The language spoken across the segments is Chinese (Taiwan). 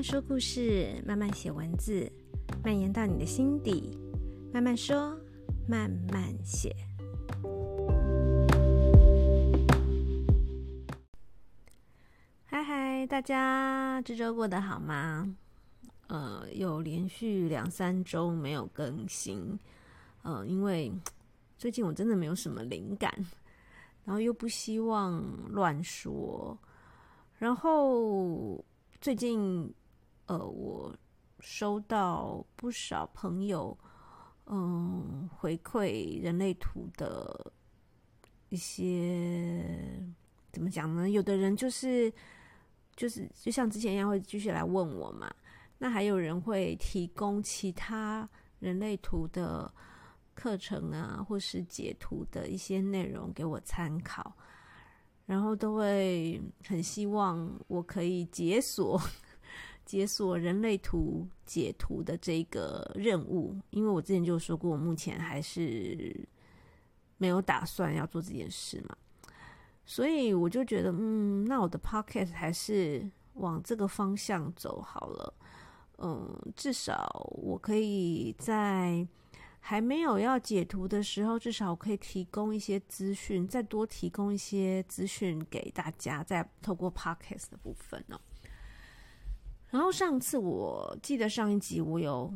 慢慢說故事，慢慢寫文字，蔓延到你的心底。慢慢說，慢慢寫。嗨嗨，大家這週過得好嗎？呃，有連續兩三週沒有更新，呃，因為最近我真的沒有什麼靈感，然後又不希望亂說，然後最近。呃，我收到不少朋友，嗯，回饋人類圖的一些怎麼講呢？有的人就是就是就像之前一樣會繼續來問我嘛，那還有人會提供其他人類圖的課程啊，或是截圖的一些內容給我參考，然後都會很希望我可以解鎖。解鎖人類圖解圖的這個任務，因為我之前就說過，我目前還是沒有打算要做這件事嘛，所以我就覺得，嗯，那我的 podcast 還是往這個方向走好了。嗯，至少我可以，在還沒有要解圖的時候，至少我可以提供一些資訊，再多提供一些資訊給大家，再透過 podcast 的部分呢、哦。然後上次我記得上一集我有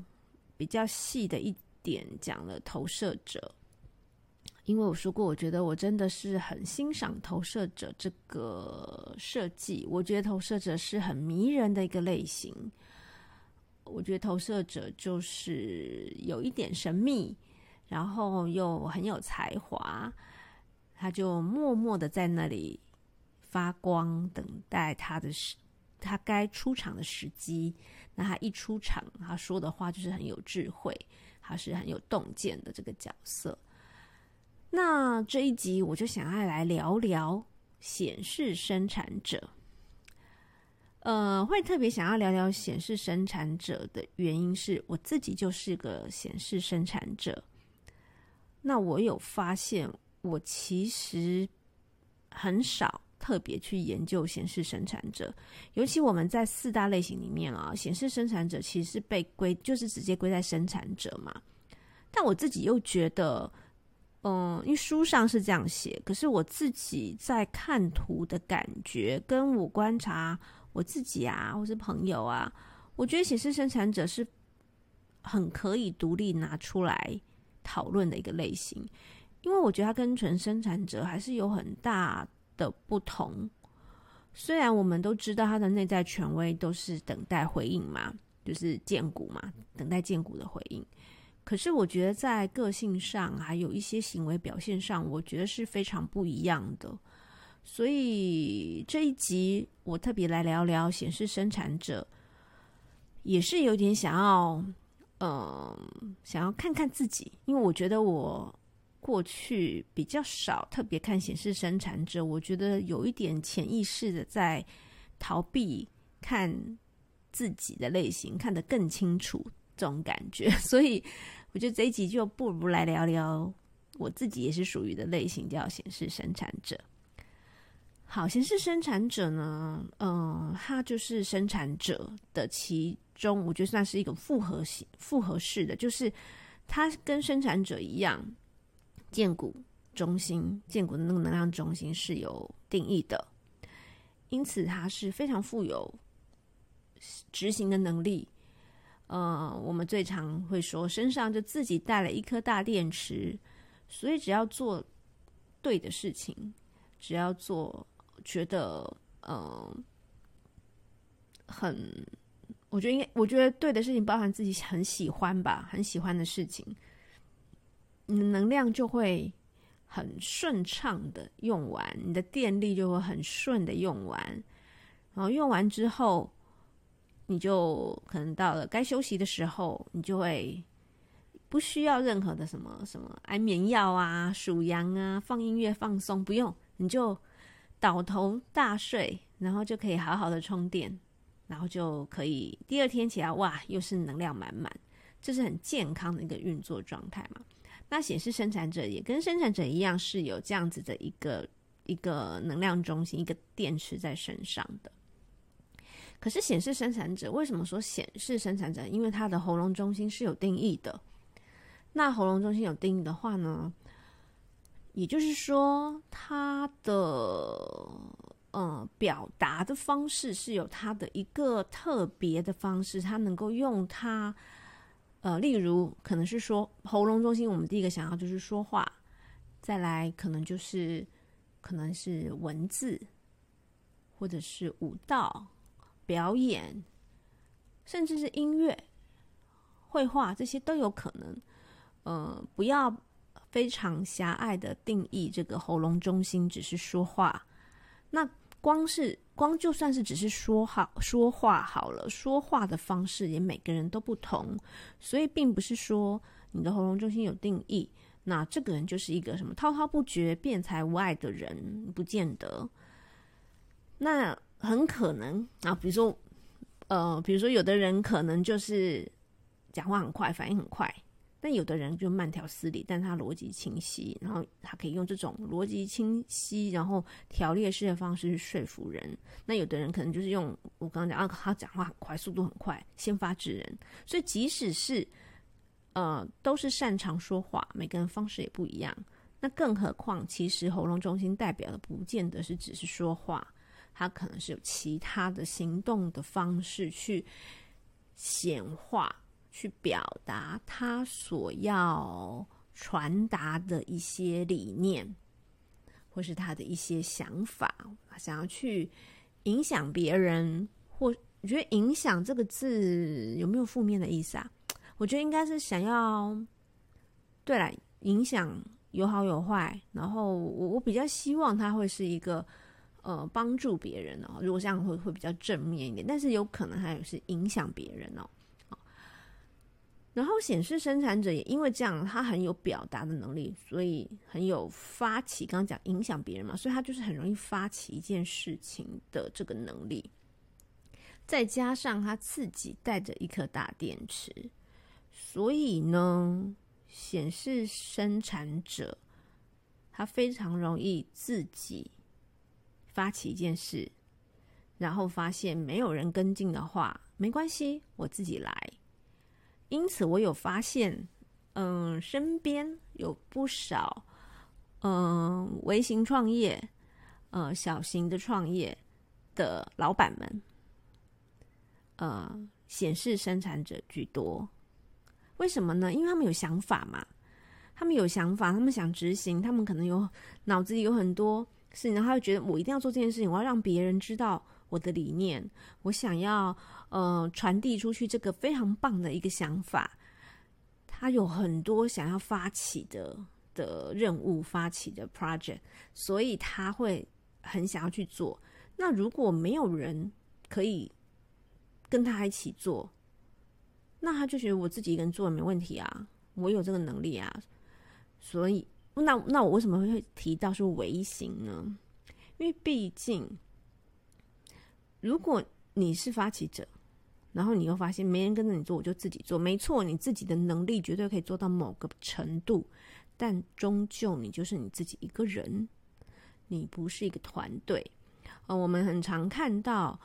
比較細的一點講了投射者，因為我說過，我覺得我真的是很欣賞投射者這個設計。我覺得投射者是很迷人的一個類型。我覺得投射者就是有一點神秘，然後又很有才華，他就默默的在那裡發光，等待他的時。他該出場的時機，那他一出場，他說的話就是很有智慧，他是很有洞見的這個角色。那這一集我就想要來聊聊顯示生產者。呃，會特別想要聊聊顯示生產者的原因是，我自己就是個顯示生產者。那我有發現，我其實很少。特別去研究顯示生產者，尤其我們在四大類型裡面啊，顯示生產者其實被歸，就是直接歸在生產者嘛。但我自己又覺得，嗯，因為書上是這樣寫，可是我自己在看圖的感覺，跟我觀察我自己啊，或是朋友啊，我覺得顯示生產者是很可以獨立拿出來討論的一個類型，因為我覺得它跟純生產者還是有很大。的不同，雖然我們都知道他的內在權威都是等待回應嘛，就是薦骨嘛，等待薦骨的回應。可是我覺得在個性上，還有一些行為表現上，我覺得是非常不一樣的。所以這一集我特別來聊聊顯示生產者，也是有點想要，嗯、呃，想要看看自己，因為我覺得我。過去比較少特別看顯示生產者，我覺得有一點潛意識的在逃避看自己的類型，看得更清楚這種感覺。所以我覺得這一集就不如來聊聊我自己也是屬於的類型，叫顯示生產者。好，顯示生產者呢，嗯、呃，他就是生產者的其中，我覺得算是一個複合型，複合式的，就是他跟生產者一樣。薦骨中心，薦骨的那個能量中心是有定義的，因此它是非常富有執行的能力。呃，我們最常會說，身上就自己帶了一顆大電池，所以只要做對的事情，只要做覺得呃很，我覺得應該，我覺得對的事情包含自己很喜歡吧，很喜歡的事情。你的能量就會很順暢的用完，你的電力就會很順的用完，然後用完之後，你就可能到了該休息的時候，你就會不需要任何的什麼什麼安眠藥啊、數羊啊、放音樂放鬆，不用，你就倒頭大睡，然後就可以好好的充電，然後就可以第二天起來，哇，又是能量滿滿，這是很健康的一個運作狀態嘛。那顯示生產者也跟生產者一樣是有這樣子的一個一個能量中心、一個電池在身上的。可是顯示生產者為什麼說顯示生產者？因為他的喉嚨中心是有定義的。那喉嚨中心有定義的話呢，也就是說他的呃表達的方式是有他的一個特別的方式，他能夠用他。呃，例如可能是說喉嚨中心，我們第一個想要就是說話，再來可能就是可能是文字，或者是舞蹈表演，甚至是音樂、繪畫，這些都有可能。呃，不要非常狹隘的定義這個喉嚨中心只是說話，那光是。光就算是只是說好說話好了，說話的方式也每個人都不同，所以並不是說你的喉嚨中心有定義，那這個人就是一個什麼滔滔不絕、辯才無礙的人，不見得。那很可能，啊，比如說，呃，比如說有的人可能就是講話很快，反應很快。那有的人就慢條斯理，但他邏輯清晰，然後他可以用這種邏輯清晰，然後條列式的方式去說服人。那有的人可能就是用我剛剛講啊，他講話很快，速度很快，先發制人。所以即使是呃都是擅長說話，每個人方式也不一樣。那更何況，其實喉嚨中心代表的不見得是只是說話，他可能是有其他的行動的方式去顯化。去表達他所要傳達的一些理念，或是他的一些想法，想要去影響別人。或我覺得“影響”這個字有沒有負面的意思啊？我覺得應該是想要……對了，影響有好有壞。然後我我比較希望他會是一個呃幫助別人哦，如果這樣會會比較正面一點。但是有可能他也是影響別人哦。然後顯示生產者也因為這樣，他很有表達的能力，所以很有發起。剛剛講影響別人嘛，所以他就是很容易發起一件事情的這個能力。再加上他自己帶着一顆大電池，所以呢，顯示生產者他非常容易自己發起一件事，然後發現沒有人跟進的話，沒關係，我自己來。因此，我有發現，嗯、呃，身邊有不少嗯、呃、微型創業、呃、小型的創業的老闆們，呃，顯示生產者居多。為什麼呢？因為他們有想法嘛，他們有想法，他們想執行，他們可能有腦子裡有很多事情，然後他會覺得我一定要做這件事情，我要讓別人知道我的理念，我想要。呃，傳遞出去這個非常棒的一個想法，他有很多想要發起的的任務、發起的 project，所以他會很想要去做。那如果沒有人可以跟他一起做，那他就覺得我自己一個人做也沒問題啊，我有這個能力啊。所以，那那我為什麼會提到說唯一型呢？因為畢竟，如果你是發起者。然後你又發現沒人跟着你做，我就自己做。沒錯，你自己的能力絕對可以做到某個程度，但終究你就是你自己一個人，你不是一個團隊。呃，我們很常看到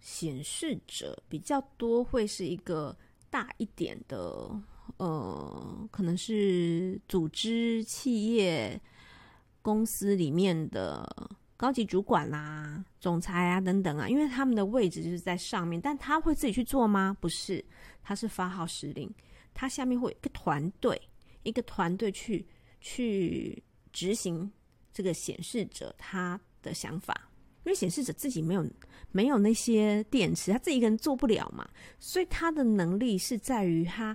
顯示者比較多，會是一個大一點的，呃，可能是組織、企業、公司裡面的。高級主管啦、啊、總裁啊等等啊，因為他們的位置就是在上面，但他會自己去做嗎？不是，他是發號施令，他下面會有一個團隊，一個團隊去去執行這個顯示者他的想法，因為顯示者自己沒有沒有那些電池，他自己一個人做不了嘛，所以他的能力是在於他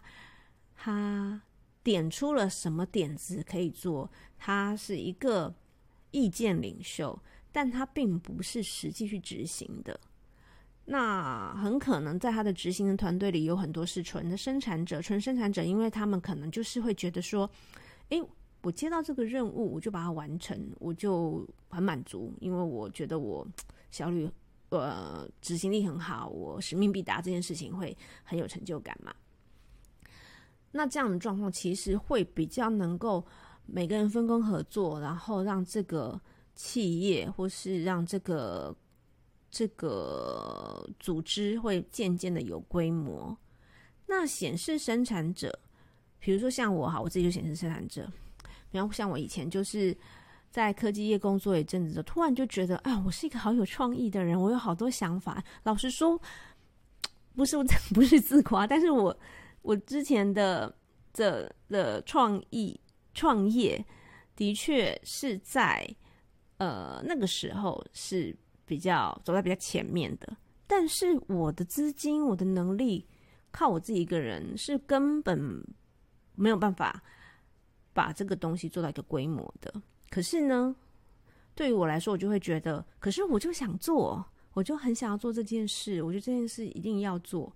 他點出了什麼點子可以做，他是一個意見領袖。但他並不是實際去執行的，那很可能在他的執行的團隊裡有很多是純的生產者，純生產者，因為他們可能就是會覺得說，誒、欸，我接到這個任務，我就把它完成，我就很滿足，因為我覺得我效率，呃，執行力很好，我使命必達這件事情會很有成就感嘛。那這樣的狀況其實會比較能夠每個人分工合作，然後讓這個。企業或是讓這個這個組織會漸漸的有規模。那顯示生產者，比如說像我哈，我自己就顯示生產者。然後像我以前就是在科技業工作一陣子，就突然就覺得啊、哎，我是一個好有創意的人，我有好多想法。老實說，不是不是自誇，但是我我之前的的的創意創業的確是在。呃，那個時候是比較走在比較前面的，但是我的資金、我的能力，靠我自己一個人是根本沒有辦法把這個東西做到一個規模的。可是呢，對於我來說，我就會覺得，可是我就想做，我就很想要做這件事，我覺得這件事一定要做，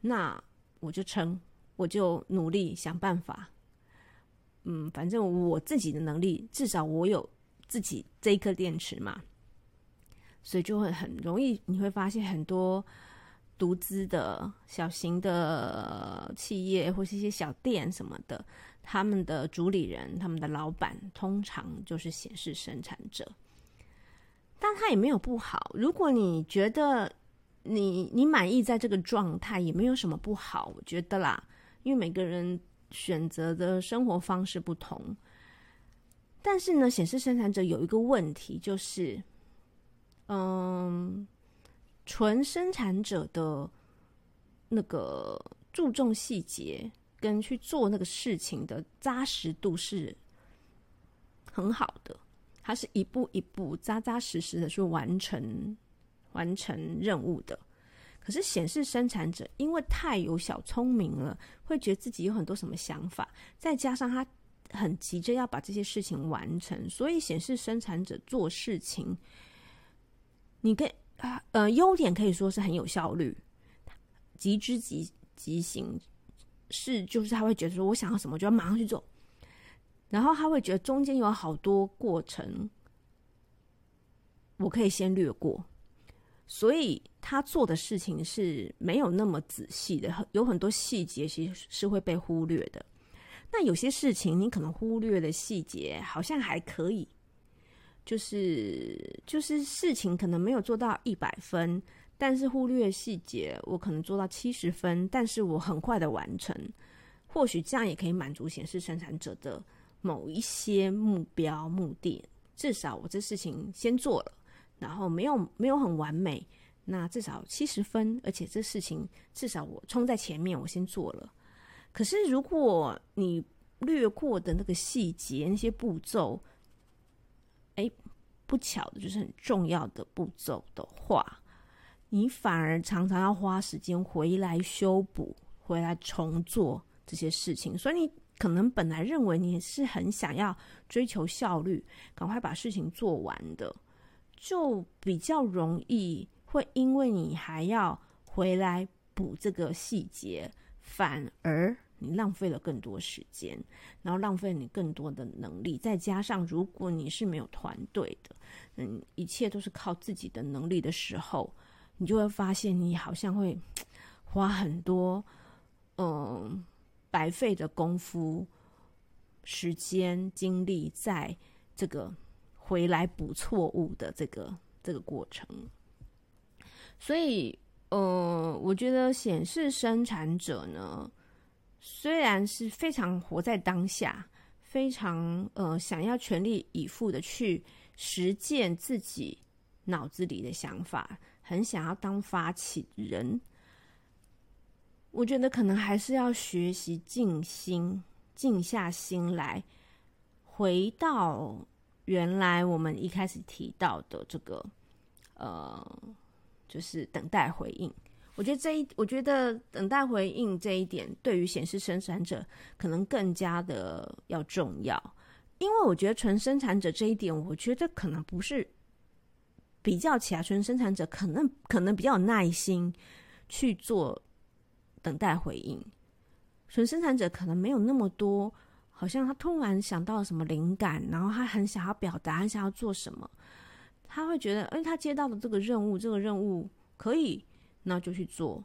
那我就撐，我就努力想辦法。嗯，反正我自己的能力，至少我有自己這一顆電池嘛，所以就會很容易，你會發現很多獨資的小型的企業或是一些小店什麼的，他們的主理人、他們的老闆通常就是顯示生產者。但他也沒有不好，如果你覺得你你滿意在這個狀態，也沒有什麼不好，我覺得啦，因為每個人選擇的生活方式不同。但是呢，顯示生產者有一個問題，就是，嗯，純生產者的那個注重細節跟去做那個事情的扎實度是很好的，他是一步一步扎扎實實的去完成完成任務的。可是顯示生產者因為太有小聰明了，會覺得自己有很多什麼想法，再加上他。很急着要把這些事情完成，所以顯示生產者做事情，你可以啊，呃，優點可以說是很有效率，急之急極行是，就是他會覺得說我想要什麼就要馬上去做，然後他會覺得中間有好多過程，我可以先略過，所以他做的事情是沒有那麼仔細的，有很多細節其實是會被忽略的。那有些事情你可能忽略的細節好像還可以，就是就是事情可能沒有做到一百分，但是忽略細節我可能做到七十分，但是我很快的完成，或許這樣也可以滿足顯示生產者的某一些目標目的。至少我這事情先做了，然後沒有沒有很完美，那至少七十分，而且這事情至少我衝在前面，我先做了。可是，如果你略過的那個細節，那些步驟，哎、欸，不巧的就是很重要的步驟的話，你反而常常要花時間回來修補、回來重做這些事情。所以，你可能本來認為你是很想要追求效率、趕快把事情做完的，就比較容易會因為你還要回來補這個細節，反而。你浪費了更多時間，然後浪費你更多的能力，再加上如果你是沒有團隊的，嗯，一切都是靠自己的能力的時候，你就會發現你好像會花很多嗯、呃、白費的功夫、時間、精力在這個回來補錯誤的這個這個過程。所以，呃，我覺得顯示生產者呢。雖然是非常活在當下，非常呃想要全力以赴的去實踐自己腦子裡的想法，很想要當發起人，我覺得可能還是要學習靜心，靜下心來，回到原來我們一開始提到的這個，呃，就是等待回應。我覺得這一，我覺得等待回應這一點，對於顯示生產者可能更加的要重要，因為我覺得純生產者這一點，我覺得可能不是比較起來，純生產者可能可能比較有耐心去做等待回應，純生產者可能沒有那麼多，好像他突然想到了什麼靈感，然後他很想要表達，很想要做什麼，他會覺得，因為他接到的這個任務，這個任務可以。那就去做，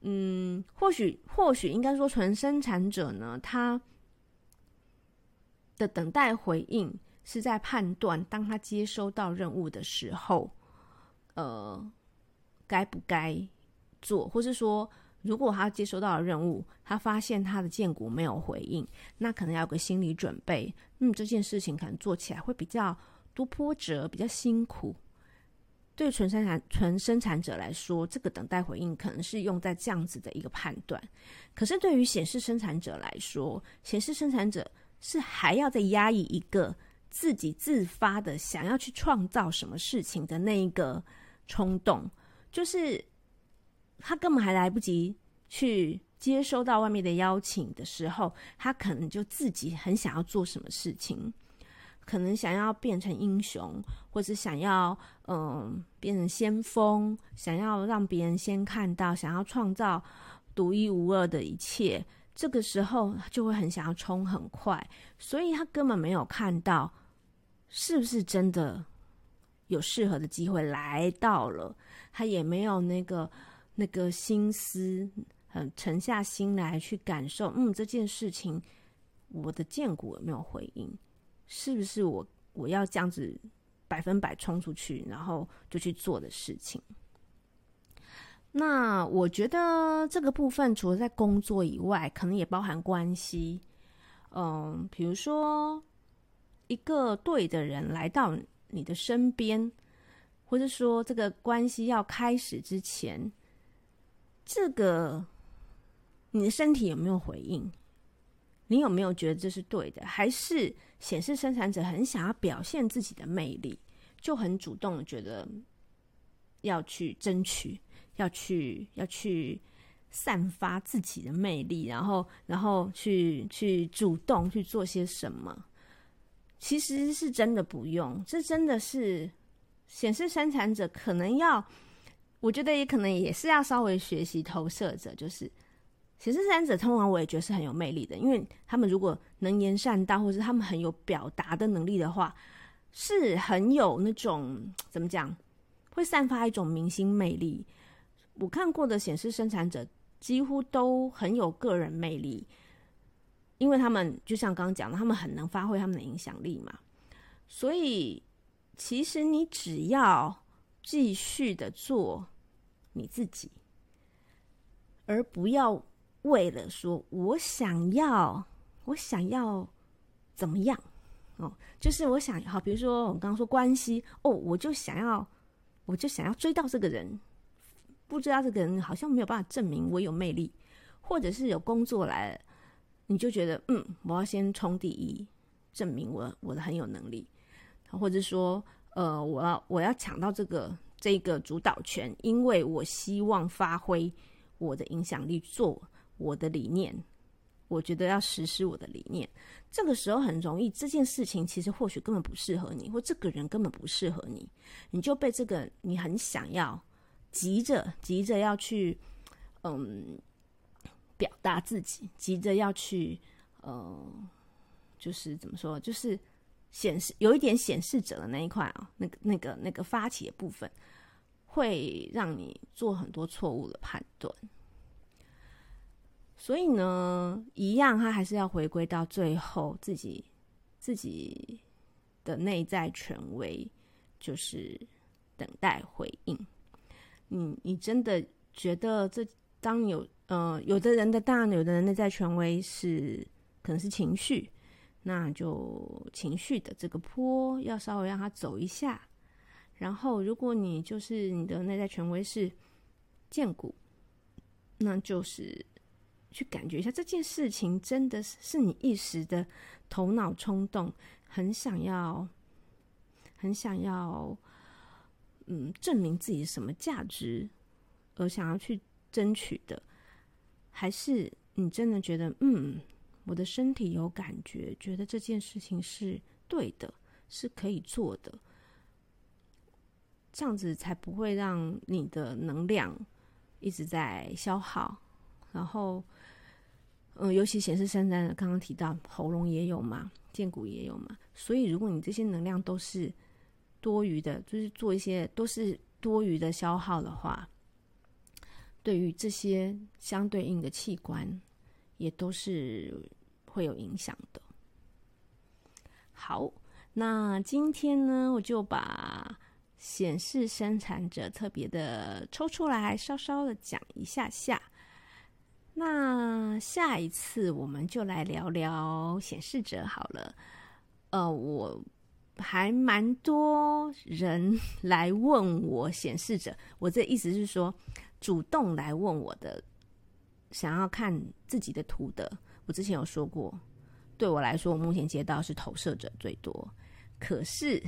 嗯，或許或許應該說，純生產者呢，他的等待回應是在判斷，當他接收到任務的時候，呃，該不該做，或是說，如果他接收到任務，他發現他的薦骨沒有回應，那可能要有個心理準備，嗯，這件事情可能做起來會比較多波折，比較辛苦。對純生產、純生產者來說，這個等待回應可能是用在這樣子的一個判斷。可是對於顯示生產者來說，顯示生產者是還要再壓抑一個自己自發的想要去創造什麼事情的那一個衝動，就是他根本還來不及去接收到外面的邀請的時候，他可能就自己很想要做什麼事情。可能想要變成英雄，或者想要嗯、呃、變成先鋒，想要讓別人先看到，想要創造獨一無二的一切。這個時候就會很想要衝很快，所以他根本沒有看到是不是真的有適合的機會來到了，他也沒有那個那個心思，很、呃、沉下心來去感受。嗯，這件事情我的薦骨有沒有回應？是不是我我要這樣子百分百衝出去，然後就去做的事情？那我覺得這個部分除了在工作以外，可能也包含關係。嗯，比如說一個對的人來到你的身邊，或者說這個關係要開始之前，這個，你的身體有沒有回應？你有沒有覺得這是對的？還是顯示生產者很想要表現自己的魅力，就很主動的覺得要去爭取，要去要去散發自己的魅力，然後然後去去主動去做些什麼？其實是真的不用，這真的是顯示生產者可能要，我覺得也可能也是要稍微學習投射者，就是。顯示生產者通常我也覺得是很有魅力的，因為他們如果能言善道，或是他們很有表達的能力的話，是很有那種怎麼講，會散發一種明星魅力。我看過的顯示生產者幾乎都很有個人魅力，因為他們就像剛剛講的，他們很能發揮他們的影響力嘛。所以，其實你只要繼續的做你自己，而不要。為了說，我想要，我想要怎麼樣？哦，就是我想，好，比如說我剛剛說關係哦，我就想要，我就想要追到這個人。不知道這個人好像沒有辦法證明我有魅力，或者是有工作來了，你就覺得嗯，我要先衝第一，證明我我的很有能力，或者說呃，我要我要搶到這個這個主導權，因為我希望發揮我的影響力做。我的理念，我覺得要實施我的理念，這個時候很容易，這件事情其實或許根本不適合你，或這個人根本不適合你，你就被這個你很想要，急着急着要去，嗯，表達自己，急着要去，呃、嗯，就是怎麼說，就是顯示有一點顯示者的那一塊啊、哦，那個那個那個發起的部分，會讓你做很多錯誤的判斷。所以呢，一樣，他還是要回歸到最後自己自己的內在權威，就是等待回應。你你真的覺得，這當有呃，有的人的大腦，有的人的內在權威是可能是情緒，那就情緒的這個波要稍微讓他走一下。然後，如果你就是你的內在權威是薦骨，那就是。去感覺一下這件事情，真的是你一時的頭腦衝動，很想要，很想要，嗯，證明自己什麼價值，而想要去爭取的，還是你真的覺得，嗯，我的身體有感覺，覺得這件事情是對的，是可以做的，這樣子才不會讓你的能量一直在消耗，然後。嗯、呃，尤其顯示生產剛剛提到，喉嚨也有嘛，薦骨也有嘛，所以如果你這些能量都是多餘的，就是做一些都是多餘的消耗的話，對於這些相對應的器官也都是會有影響的。好，那今天呢，我就把顯示生產者特別的抽出來，稍稍的講一下下。那下一次我們就來聊聊顯示者好了。呃，我還蠻多人來問我顯示者，我這意思是說，主動來問我的，想要看自己的圖的。我之前有說過，對我來說，我目前接到是投射者最多，可是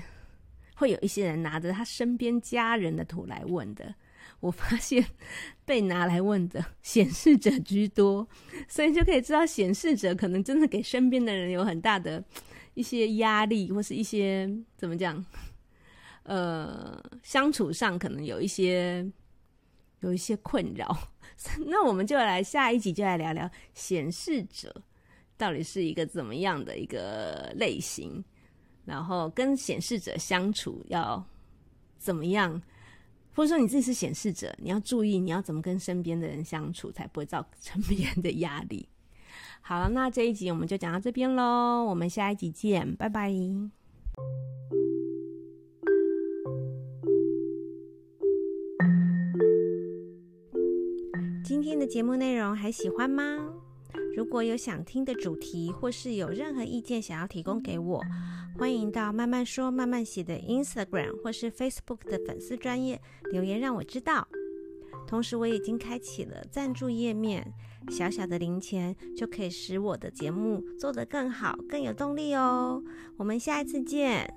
會有一些人拿着他身邊家人的圖來問的。我發現被拿來問的顯示者居多，所以就可以知道顯示者可能真的給身邊的人有很大的一些壓力，或是一些怎麼講？呃，相處上可能有一些有一些困擾。 那我們就來下一集就來聊聊顯示者到底是一個怎麼樣的一個類型，然後跟顯示者相處要怎麼樣？或者說你自己是顯示者，你要注意你要怎麼跟身邊的人相處，才不會造成別人的壓力。好了，那這一集我們就講到這邊嘍，我們下一集見，拜拜。今天的節目內容還喜歡嗎？如果有想聽的主題，或是有任何意見想要提供給我，歡迎到蔓蔓說蔓蔓寫的 Instagram 或是 Facebook 的粉絲專頁留言讓我知道。同時，我已經開啟了贊助頁面，小小的零錢就可以使我的節目做得更好、更有動力哦。我們下一次見。